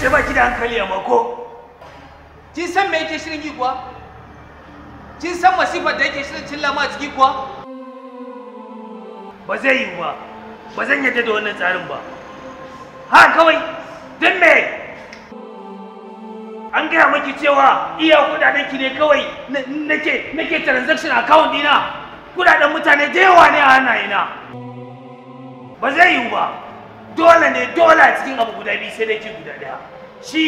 ce ba ki da hankali amma ko kin san me yake shirin yi kuwa kin san masifar da yake shirin cilla ma ciki kuwa ba zai yi ba ba zan yadda da wannan tsarin ba ha kawai don me an gaya miki cewa iya kudaden ki ne kawai nake nake transaction account dina kudaden mutane da yawa ne a hannayena ba zai yi ba dole ne dole a cikin abu guda biyu sai dai ki guda daya shi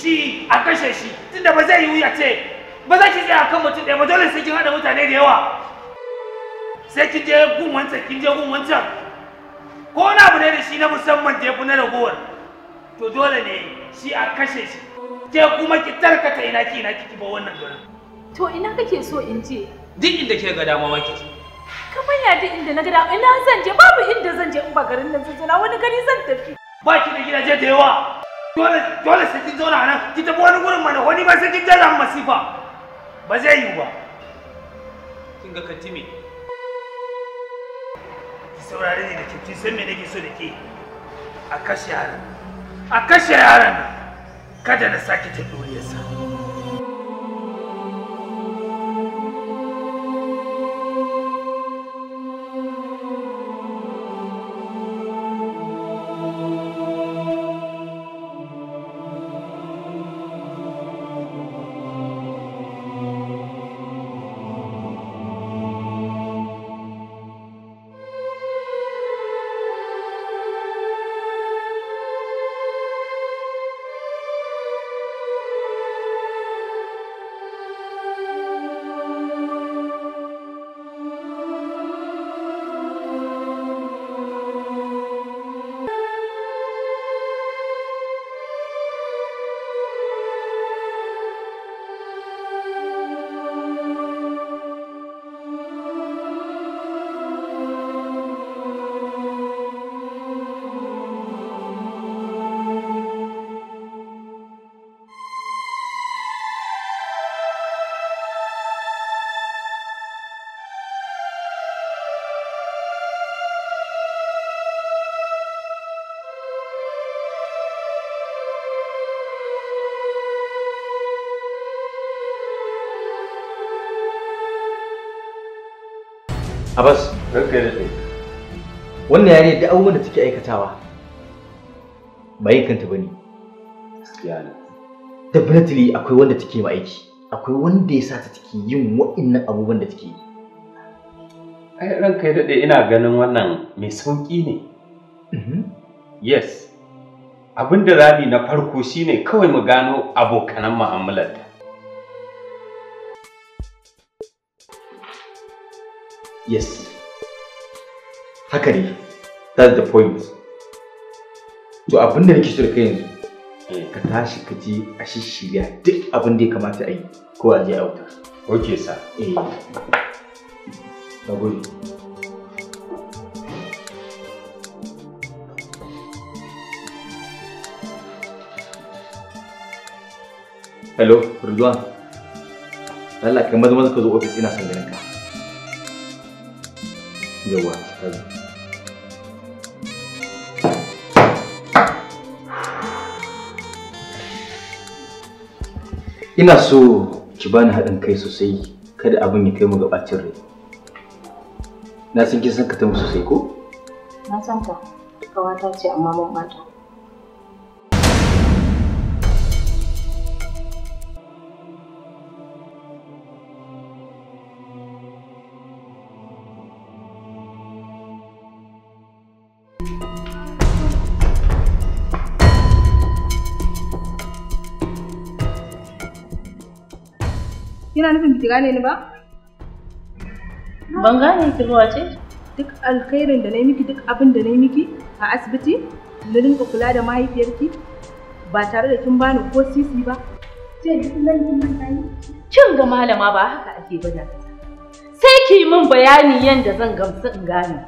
shi a kashe shi tunda ba zai yi ya ce ba za ki tsaya kan mutum ɗaya ba dole sai kin haɗa mutane da yawa sai kin je gun wancan kin je gun wancan ko wani abu ne da shi na musamman da ya fi na ragowar to dole ne shi a kashe shi ke kuma ki tarkata ina ki ina kiki ba wannan garin to ina kake so in je duk inda ke ga dama ma kike kamar ya duk inda na gada ina zan je babu inda zan je in ba garin nan zan na wani gari zan tafi ba ki da gidaje da yawa dole dole sai kin zauna nan ki tafi wani gurin mana wani ba sai kin jalla masifa ba zai yi ba kin ga katime ki saurare ni da ki sai me nake so da ke a kashe yaran a kashe yaran kada na sake ta sa. Abbas, ranka da kai. Wannan yare da abubuwan da take aikatawa ba yankanta ba ne. Gaskiya ne. Definitely akwai wanda take ma aiki. Akwai wanda ya sa ta take yin wa'innan abubuwan da take yi. Ai ranka yi daɗe ina ganin wannan mai sauƙi ne. Mm-hmm. Yes. Abin da rami na farko shine kawai mu gano abokanan mu'amalarta. Yes. Haka ne. That's the point. To abin da nake so da kai yanzu eh. ka tashi ka je a shishirya duk abin da ya kamata a yi ko a je a wuta. Ok sa. Eh. Na gode. Hello, Ridwan. Allah kai maza maza ka zo ofis ina son ganin ka. yawa ina so ki bani haɗin kai sosai kada abin ya kai mu ga ɓacin rai na san kin san ka ta sosai ko na san ka kawata ce amma mun ɓata Kina nufin biki gane ni ba? Ban gane ki ba wace? Duk alkhairin da na yi miki duk abin da na yi miki a asibiti na rinka kula da mahaifiyarki ba tare da kin bani ko sisi ba. Kin ga malama ba haka ake gwada Sai ki yi min bayani yadda zan gamsu in gane.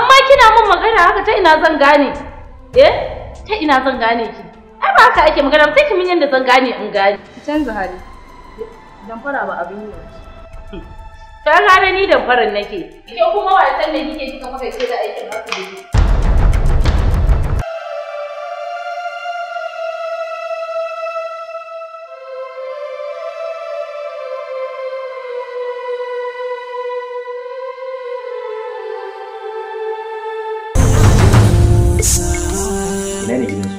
Amma kina min magana haka ta ina zan gane? Eh? Ta ina zan gane ki? Ai ba haka ake magana sai ki min yadda zan gane in gane. Ki canza hali. Damfara ba abin yi ba. Ta gane ni damfarar nake. Ke kuma wa san da kike kika maka ke da aikin asibiti. Ina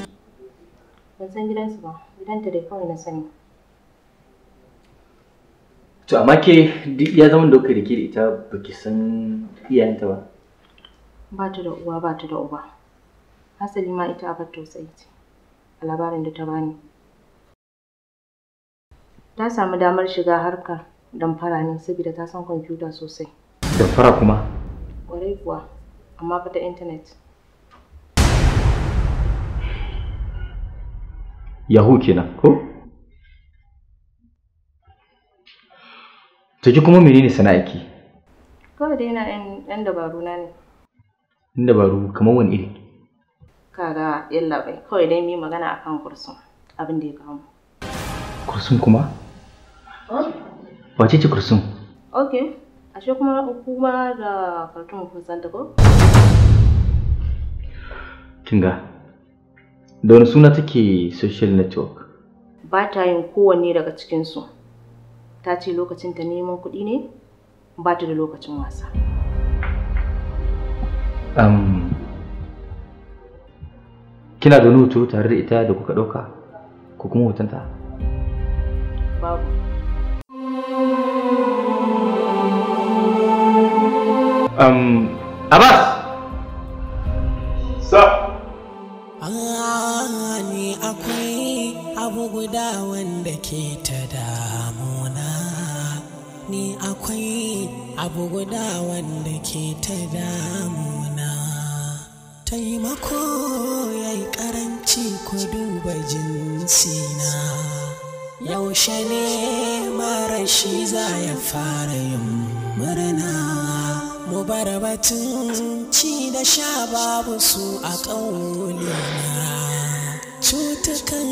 Ban san gidansu ba, ta dai kawai na sani. to amma ke ya zama da da ke da ita ba ki san iyayenta ba ba ta da uwa ba ta da uba hasali ma ita abar tausayi ce a labarin da ta bani ta samu damar shiga harkar damfara ne saboda ta san kwamfuta sosai damfara kuma kwarai kuwa amma fa ta intanet yahoo kenan ko To ji kuma menene sana'arki? Kawai dai ina ɗan dabaru na ne. Ɗan dabaru kamar wani iri? Kaga yalla bai kawai dai mu magana akan kursun abin da ya kawo. Kursun kuma? Wace ce kursun? Ok, Ashe kuma kuma da kartun kun san ta ko? Kinga. Da wani suna take social network? Ba ta yin kowanne daga cikinsu. ta ce lokacin ta neman kuɗi ne ba ta da lokacin wasa um, kina da wani hoto tare da ita da kuka ɗauka ku kuma hotonta babu um, abbas sa Allah ne akwai abu guda wanda ke ta damu ni akwai abu guda wanda ke ta damuna taimako ya yi karanci ku duba jinsina yaushe ne mara shi za ya fara yin murna mu bar ci da sha babu su a ƙaunina cutukan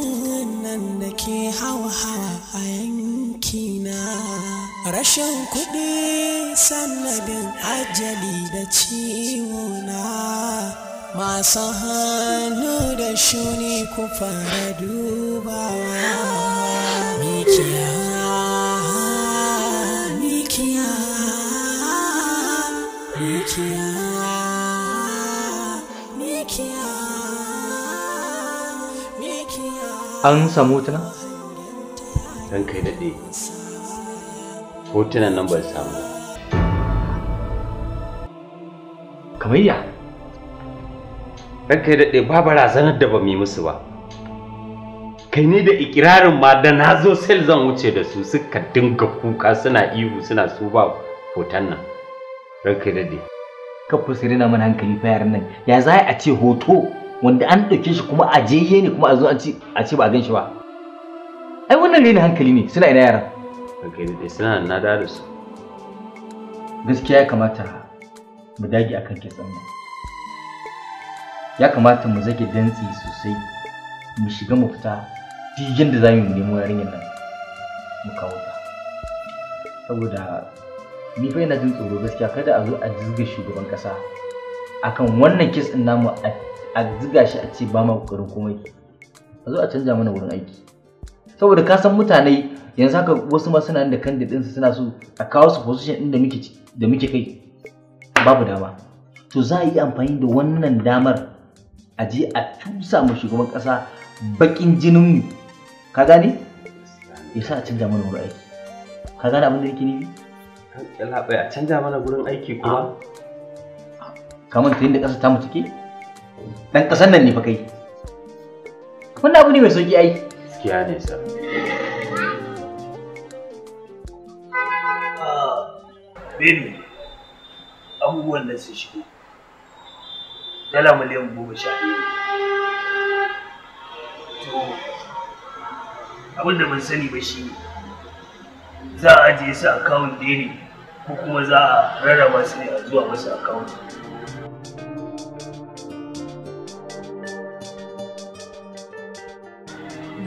nan da ke hauhawa hawa a yankina rashin kuɗi sannabin ajali da ciwo na, masu hannu da shuni ku fara dubawa mikiya mikiya mikiya mikiya an samu tana? ɗan kai daɗe. hotunan nan ban samu kamayya ranka ya daɗe ba barazanar da ba mu yi musu ba kai ne da ikirarin ma da na zo sel zan wuce da su suka dinga kuka suna ihu suna su ba hoton nan ranka ya daɗe ka fusiri na mana hankali fa yaran nan ya za a ce hoto wanda an ɗauke shi kuma a jeye ne kuma a zo a ce ba a gan shi ba ai wannan rena hankali ne suna ina yaran a gari dai suna na da su gaskiya ya kamata mu dage akan kitsan nan ya kamata mu zage dantsi sosai mu shiga mu fita duk da za mu nemo yarinyar nan mu kawo ta saboda ni fa ina jin tsoro gaskiya kada a zo a shugaban kasa akan wannan kes namu a ziga shi a ce ba ma kokarin komai a zo a canja mana wurin aiki saboda ka san mutane yanzu haka wasu ma suna da kan ɗinsu suna so a kawo su position ɗin da muke da muke kai babu dama to za a yi amfani da wannan damar a je a tusa mu shugaban ƙasa baƙin jinin mu ka gane ya sa a canja mana wurin aiki ka gane abin da yake nufi labai a canja mana gurin aiki kuma ah. kamar ta yadda ƙasa ta mu take dan ƙasar nan ne fa kai wannan abu ne mai sauƙi aiki gaskiya ne sa ah, baby abubuwan nan sun shigo dala miliyan goma sha ɗaya abin da ban sani ba shi za a ajiye su akawun daily ko kuma za a rarraba su ne a zuwa masu akawun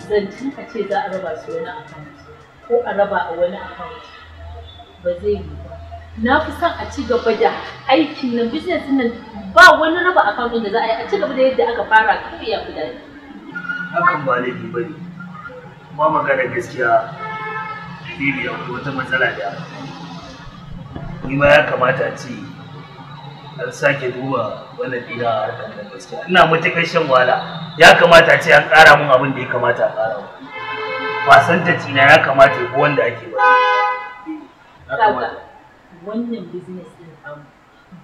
zancen a ce za a raba su wani account ko a raba a wani account ba zai yi ba na fi son a ci gaba da aikin nan business nan ba wani raba account da za a yi a ci gaba da yadda aka fara kawai ya fi daɗi hakan ba laifi ba ne kuma magana gaskiya Bibi, wata matsala da ni ma ya kamata a ce dan sake duba wannan dina a harkar da gaskiya ina matuƙar shan wahala ya kamata ce an ƙara mun abin da ya kamata a ƙara mun wasan ta tina ya kamata ya wanda ake ba wannan business din amu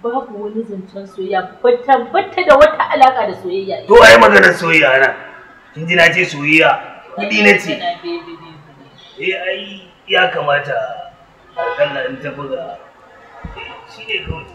babu wani zancen soyayya ba tabbata da wata alaƙa da soyayya to ai maganar soyayya na in ji na ce soyayya kuɗi na ce eh, ya kamata a kalla in ta buga eh, shi ne kawai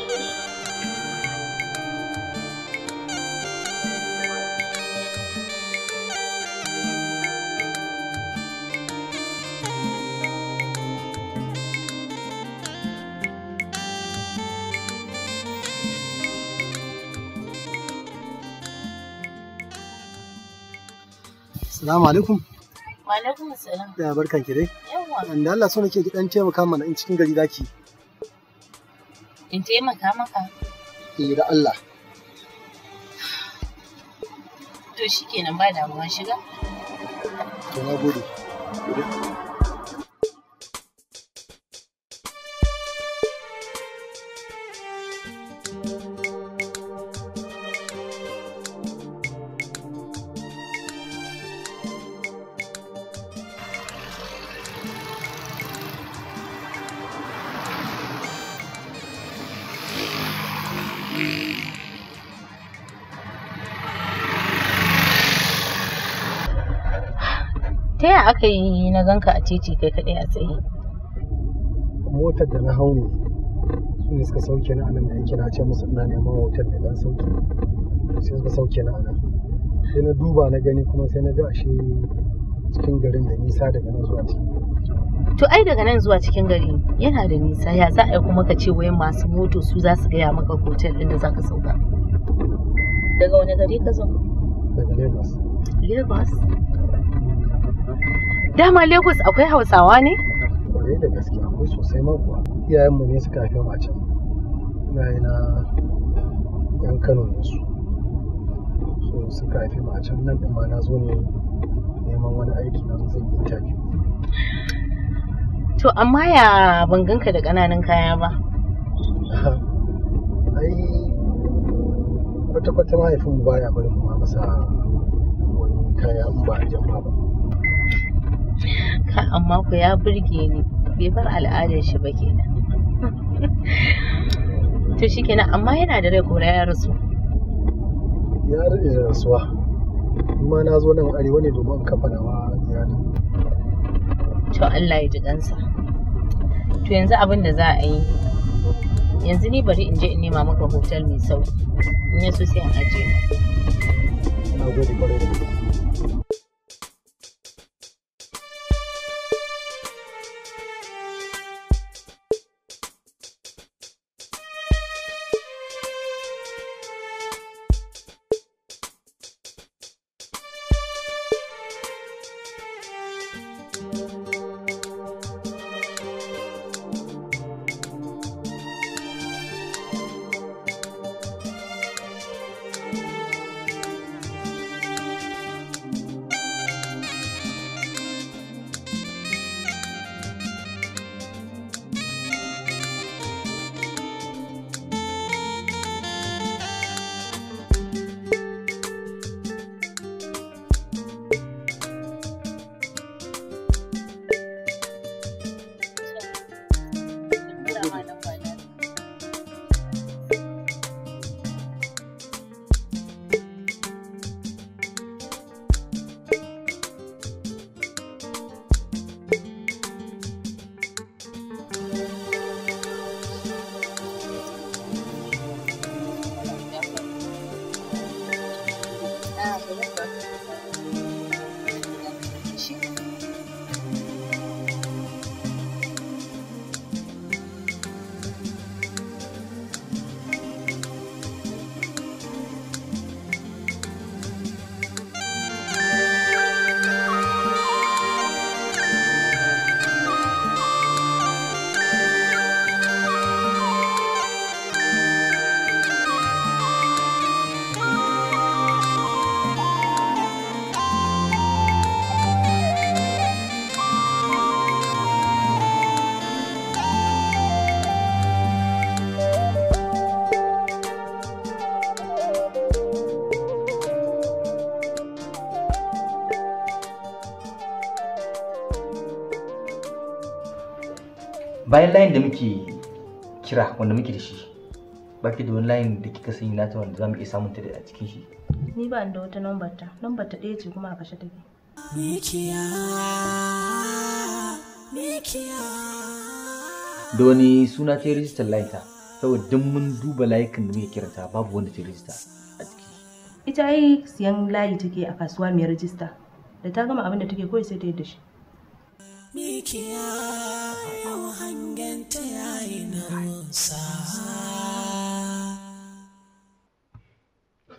Assalamu alaikum. Wa alaikum assalam. Ya barkan ki dai. Yawwa. Dan Allah so nake ki dan taimaka mana in cikin gari zaki. In taimaka maka? Eh da Allah. To shikenan ba damuwa shiga. To na gode. ta yaya aka yi na ganka a titi kai kaɗai a tsaye motar da na hau ne su ne suka sauke na anan da yake na ce musu ina neman hotel da dan sauki sai suka sauke na anan sai na duba na gani kuma sai na ga ashe cikin garin da nisa daga nan zuwa cikin to ai daga nan zuwa cikin gari yana da nisa ya za a yi kuma ka ce wayan masu moto su za su gaya maka hotel inda da za ka sauka daga wani gari ka zo daga lagos lagos dama lagos akwai hausawa ne kwarai da gaske akwai sosai ma kuwa iyayenmu ne suka haife mu a can iyaye na yan kano ne su so suka haife mu a can nan din ma na zo ne neman wani aiki na zan yi interview to amma ya ban da ƙananan kaya ba ai kwata-kwata mahaifinmu baya barin mu ma masa wani kaya in ba a jamba ba amma ku ya burge ni bai bar al'adar shi ba kenan to shi kenan amma yana da rai kora ya rasu ya rage da rasuwa amma na zo nan arewa ne domin kafa nawa iyali to Allah ya ji kansa to yanzu abin da za a yi yanzu ni bari in je in nema maka hotel mai sauki in yaso sai an ajiye na gode kwarai da gaske bayan layin da muke kira wanda muke da shi baki da wani layin da kika sani nata wanda za mu iya samun ta a cikin shi ni ba da wata number ta number ta ɗaya ce kuma a kashe take mikiya mikiya da wani suna ta rijistar layin ta saboda duk mun duba layukan da muke kiranta babu wanda ta rijista a ciki ita ai siyan layi take a kasuwa mai rajista da ta gama abin da take kawai sai ta yi da shi mikiya yau hangen ta yayi musa.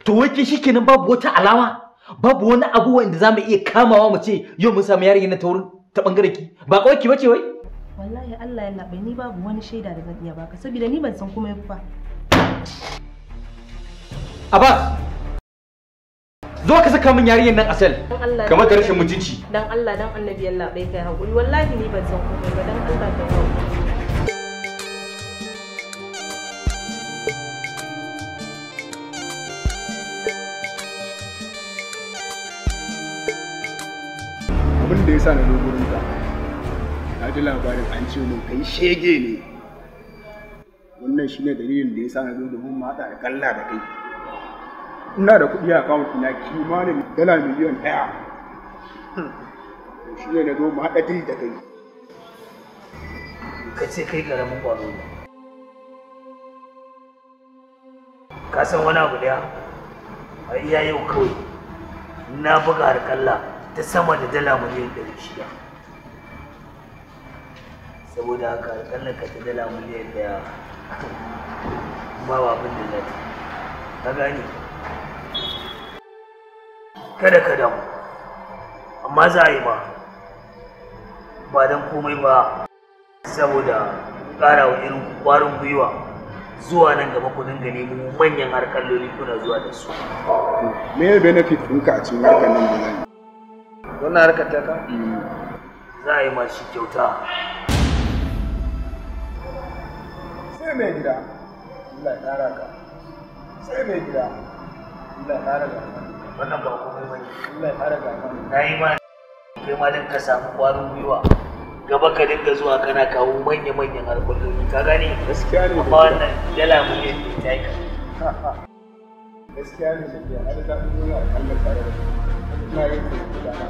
to wake shi kenan babu wata alama babu wani abu wanda za mu iya kamawa mu ce yau mun samu yarinya na taurin ta bangaren ki ba kawai ki bace wai wallahi Allah ya ni babu wani shaida da zan iya baka saboda ni ban san kuma ya ba Abbas zo ka saka min yarinyar nan asal kamar da rashin mutunci dan Allah dan annabi Allah bai kai hakuri wallahi ni ban san komai ba dan Allah ka ba abin da ya sa na dogurin ka ji labarin an ce mun kai shege ne wannan ne dalilin da ya sa na dogurin mun mata da kalla da kai ina da kuɗi a account na kimanin dala miliyan ɗaya shi ne na zo mu haɗa dil da kai ka ce kai ƙaramin ƙwaro ne ka san wani abu ɗaya a iya yau kawai na buga harƙalla ta sama da dala miliyan ɗari shida saboda haka harƙallar ka ta dala miliyan ɗaya ba wa abin da za ta gane kada ka damu amma za a yi ba ba don komai ba saboda ƙara wa irin ƙwarin gwiwa zuwa nan gaba ku dinga nemo manyan harkar loli kuna zuwa da su. Me ya benefit ɗinka a cikin harkar nan da zai? Wannan harkar ta ka? Mm. Za a yi ma shi kyauta. Sai mai gida, Allah ya ƙara ka. Sai mai gida, Allah ya ka. wannan ba komai bane Allah ya fara ma kai ma ka samu gwiwa gaba ka dinga zuwa kana kawo manya-manyan alƙulumi ka gane gaskiya ne amma wannan dala mu ne ta yi gaskiya ne da ke har da mun a akalla tare da ina yin kuɗa na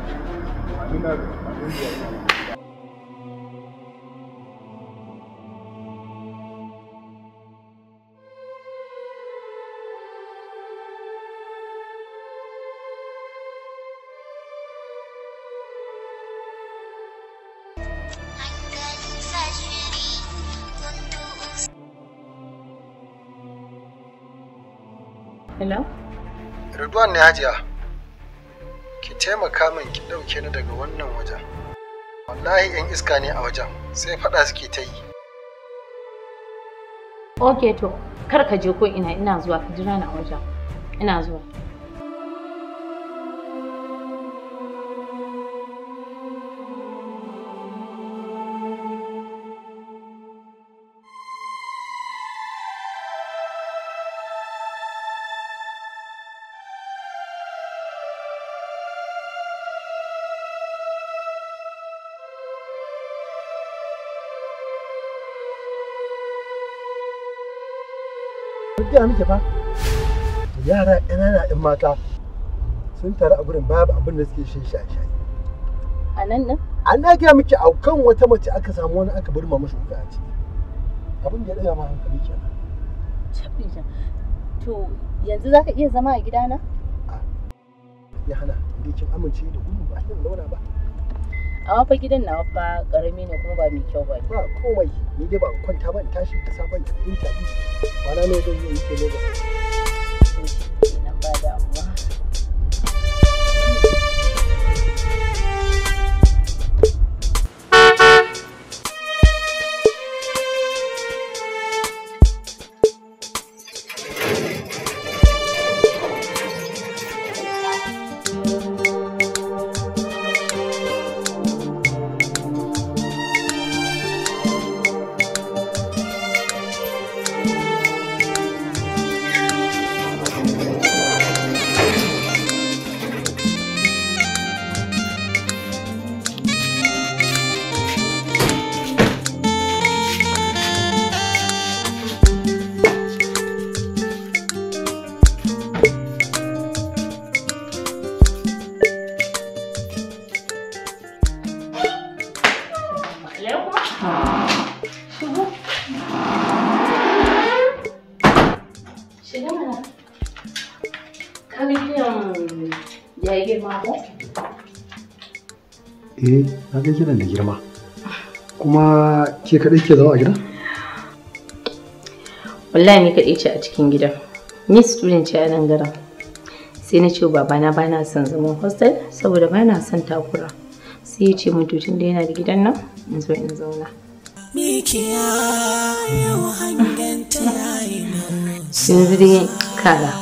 amina da amina Hello? Ridwan ne Hajiya. Ki taimaka min ki ɗauke ni daga wannan wajen. Wallahi 'yan iska ne a wajen, sai faɗa suke ta yi. Ok to, kar ka je ko ina ina zuwa ka jira na wajen. Ina zuwa. gaya miki fa yara ƙanana 'yan mata sun taru a gurin babu abin da suke shan shaye-shaye a nan nan an na gaya miki a kan wata mace aka samu wani aka bar mamashi wuta a ciki abin da ya ɗaya ma hankali kenan to yanzu za ka iya zama a gidana? ya hana da kin amince da gudu ba zan zauna ba amma fa gidan nawa fa karami ne kuma ba mai kyau ba ba komai ni dai ba kwanta ban tashi ta interview ba na ne zan yi ke ba nan ba amma kaga kiran ya yi girma ko? Eh, na ga kiran da girma. Kuma ke kaɗai ke zama a gidan? Wallahi ni kaɗai ce a cikin gidan. Ni student ce a nan garin. Sai na ce babana ba na son zaman hostel saboda ba na son takura. Sai ya ce mututun da yana da gidan nan in zo in zauna. Mikiya yau hangen Yanzu dai kaga.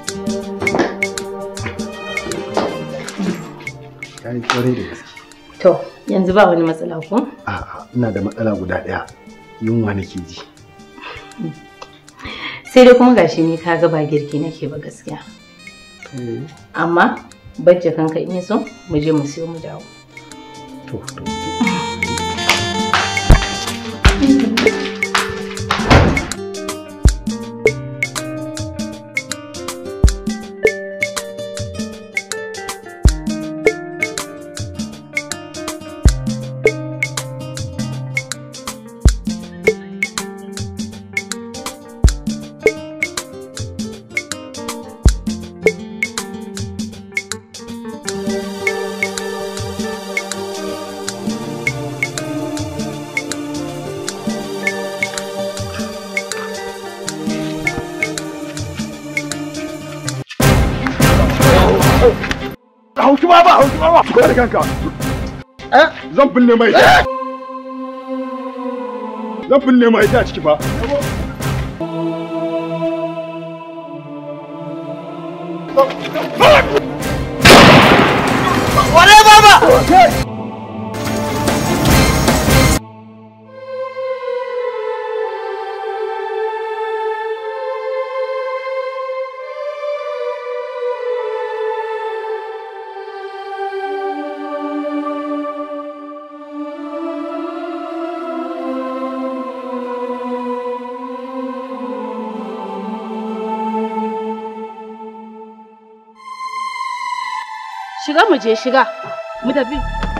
ai kwarai da gaske to yanzu ba wani matsala ko a'a ina da matsala guda ɗaya yunwa nake ji sai dai kuma gashi ne kaga ba girki nake ba gaskiya eh. amma bajja kanka in so mu je mu siyo mu dawo to to da kanka eh zan binne mai eh? zan binne mai ciki fa zo mu je shiga mu tafi